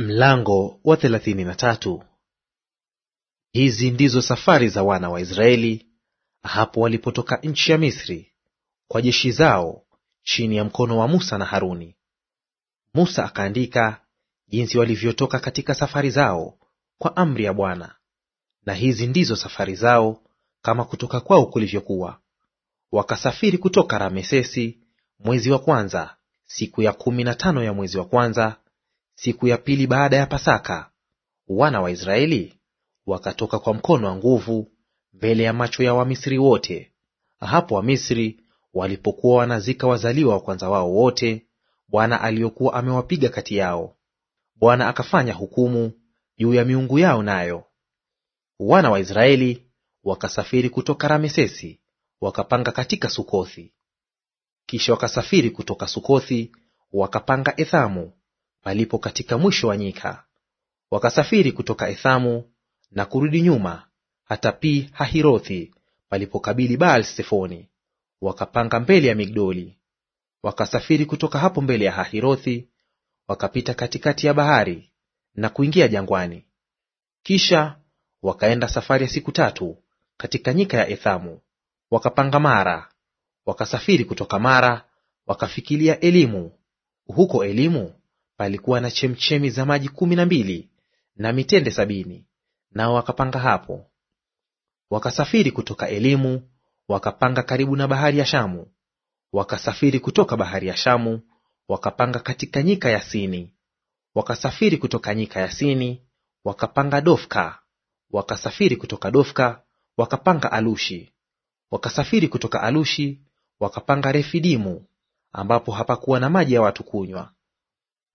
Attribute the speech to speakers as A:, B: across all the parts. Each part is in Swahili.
A: Mlango wa thelathini na tatu. Hizi ndizo safari za wana wa Israeli hapo walipotoka nchi ya Misri kwa jeshi zao chini ya mkono wa Musa na Haruni. Musa akaandika jinsi walivyotoka katika safari zao kwa amri ya Bwana. Na hizi ndizo safari zao kama kutoka kwao kulivyokuwa. Wakasafiri kutoka Ramesesi mwezi wa kwanza, siku ya kumi na tano ya mwezi wa kwanza siku ya pili baada ya Pasaka, wana wa Israeli wakatoka kwa mkono wa nguvu mbele ya macho ya Wamisri wote. Hapo Wamisri walipokuwa wanazika wazaliwa wa kwanza wao wote, Bwana aliyokuwa amewapiga kati yao, Bwana akafanya hukumu juu ya miungu yao nayo. Wana wa Israeli wakasafiri kutoka Ramesesi wakapanga katika Sukothi. Kisha wakasafiri kutoka Sukothi wakapanga Ethamu palipo katika mwisho wa nyika. Wakasafiri kutoka Ethamu na kurudi nyuma hata Pi Hahirothi palipokabili Baal Sefoni, wakapanga mbele ya Migdoli. Wakasafiri kutoka hapo mbele ya Hahirothi wakapita katikati ya bahari na kuingia jangwani. Kisha wakaenda safari ya siku tatu katika nyika ya Ethamu, wakapanga Mara. Wakasafiri kutoka Mara wakafikilia Elimu. Huko Elimu palikuwa na chemchemi za maji kumi na mbili na mitende sabini, nao wakapanga hapo. Wakasafiri kutoka Elimu wakapanga karibu na bahari ya Shamu, wakasafiri kutoka bahari ya Shamu wakapanga katika nyika ya Sini, wakasafiri kutoka nyika ya Sini wakapanga Dofka, wakasafiri kutoka Dofka wakapanga Alushi, wakasafiri kutoka Alushi wakapanga Refidimu, ambapo hapakuwa na maji ya watu kunywa.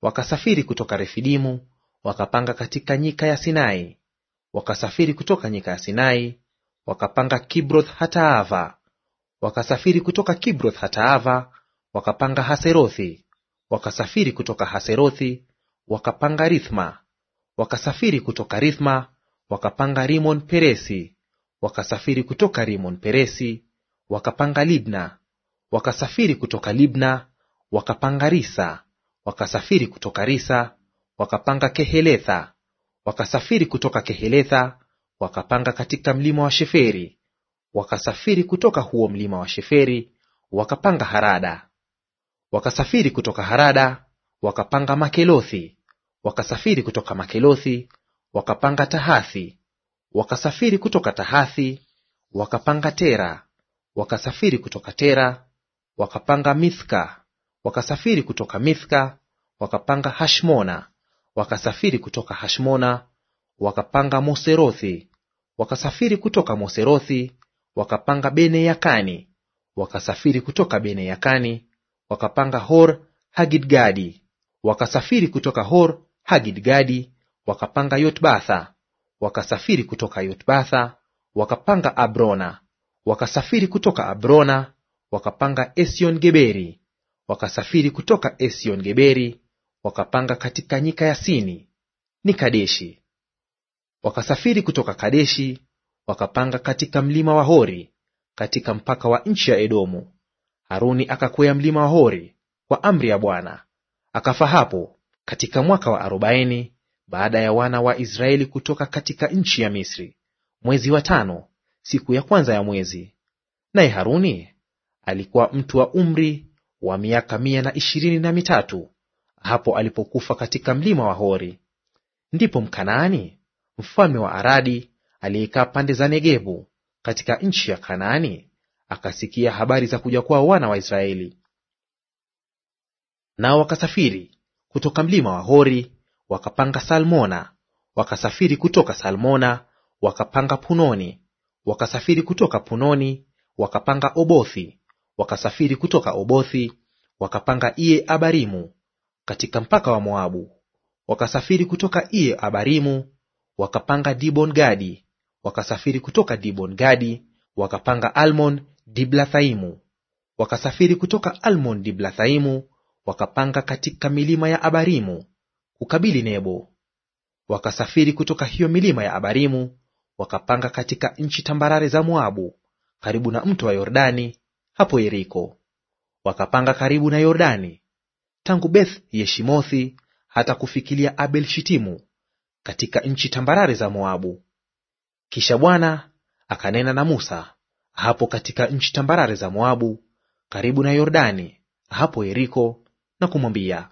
A: Wakasafiri kutoka Refidimu wakapanga katika nyika ya Sinai. Wakasafiri kutoka nyika ya Sinai wakapanga Kibroth Hataava. Wakasafiri kutoka Kibroth Hataava wakapanga Haserothi. Wakasafiri kutoka Haserothi wakapanga Rithma. Wakasafiri kutoka Rithma wakapanga Rimon Peresi. Wakasafiri kutoka Rimon Peresi wakapanga Libna. Wakasafiri kutoka Libna wakapanga Risa wakasafiri kutoka Risa wakapanga Keheletha, wakasafiri kutoka Keheletha wakapanga katika mlima wa Sheferi, wakasafiri kutoka huo mlima wa Sheferi wakapanga Harada, wakasafiri kutoka Harada wakapanga Makelothi, wakasafiri kutoka Makelothi wakapanga Tahathi, wakasafiri kutoka Tahathi wakapanga Tera, wakasafiri kutoka Tera wakapanga Mithka, Wakasafiri kutoka Mithka wakapanga Hashmona, wakasafiri kutoka Hashmona wakapanga Moserothi, wakasafiri kutoka Moserothi wakapanga Bene Yakani, wakasafiri kutoka Bene Yakani wakapanga Hor Hagidgadi, wakasafiri kutoka Hor Hagidgadi wakapanga Yotbatha, wakasafiri kutoka Yotbatha wakapanga Abrona, wakasafiri kutoka Abrona wakapanga Esion Geberi, Wakasafiri kutoka Esion Geberi wakapanga katika nyika ya Sini ni Kadeshi. Wakasafiri kutoka Kadeshi wakapanga katika mlima wa Hori katika mpaka wa nchi ya Edomu. Haruni akakwea mlima wa Hori kwa amri ya Bwana, akafa hapo katika mwaka wa arobaini baada ya wana wa Israeli kutoka katika nchi ya Misri, mwezi wa tano, siku ya kwanza ya mwezi. Naye Haruni alikuwa mtu wa umri wa miaka mia na ishirini na mitatu hapo alipokufa katika mlima wa Hori. Ndipo Mkanaani mfalme wa Aradi aliyekaa pande za Negebu katika nchi ya Kanaani akasikia habari za kuja kwa wana wa Israeli. Nao wakasafiri kutoka mlima wa Hori wakapanga Salmona, wakasafiri kutoka Salmona wakapanga Punoni, wakasafiri kutoka Punoni wakapanga Obothi, wakasafiri kutoka Obothi wakapanga Iye Abarimu katika mpaka wa Moabu. Wakasafiri kutoka Iye Abarimu wakapanga Dibon Gadi, wakasafiri kutoka Dibon Gadi wakapanga Almon Diblathaimu. Wakasafiri kutoka Almon Diblathaimu wakapanga katika milima ya Abarimu kukabili Nebo. Wakasafiri kutoka hiyo milima ya Abarimu wakapanga katika nchi tambarare za Moabu karibu na mto wa Yordani hapo Yeriko, wakapanga karibu na Yordani tangu Beth Yeshimothi hata kufikilia Abel Shitimu katika nchi tambarare za Moabu. Kisha Bwana akanena na Musa hapo katika nchi tambarare za Moabu karibu na Yordani hapo Yeriko, na kumwambia,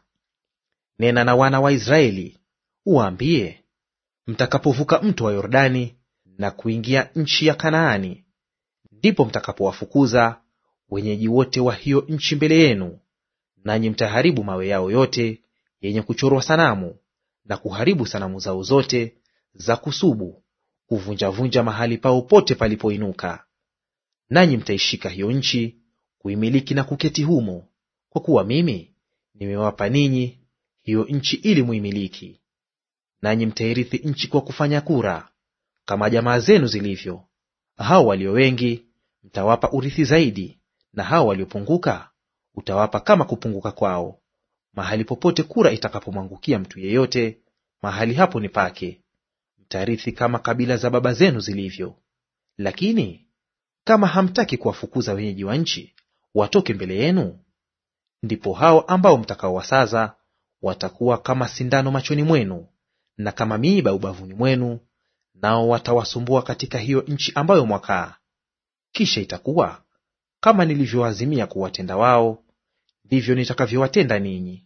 A: nena na wana wa Israeli uwaambie, mtakapovuka mto wa Yordani na kuingia nchi ya Kanaani, ndipo mtakapowafukuza wenyeji wote wa hiyo nchi mbele yenu, nanyi mtaharibu mawe yao yote yenye kuchorwa sanamu na kuharibu sanamu zao zote za kusubu, kuvunjavunja mahali pao pote palipoinuka. Nanyi mtaishika hiyo nchi kuimiliki na kuketi humo, kwa kuwa mimi nimewapa ninyi hiyo nchi ili muimiliki. Nanyi mtairithi nchi kwa kufanya kura, kama jamaa zenu zilivyo; hao walio wengi mtawapa urithi zaidi, na hao waliopunguka utawapa kama kupunguka kwao. Mahali popote kura itakapomwangukia mtu yeyote, mahali hapo ni pake. Mtarithi kama kabila za baba zenu zilivyo. Lakini kama hamtaki kuwafukuza wenyeji wa nchi watoke mbele yenu, ndipo hao ambao mtakaowasaza watakuwa kama sindano machoni mwenu na kama miiba ubavuni mwenu, nao watawasumbua katika hiyo nchi ambayo mwakaa. Kisha itakuwa kama nilivyoazimia kuwatenda wao, ndivyo nitakavyowatenda ninyi.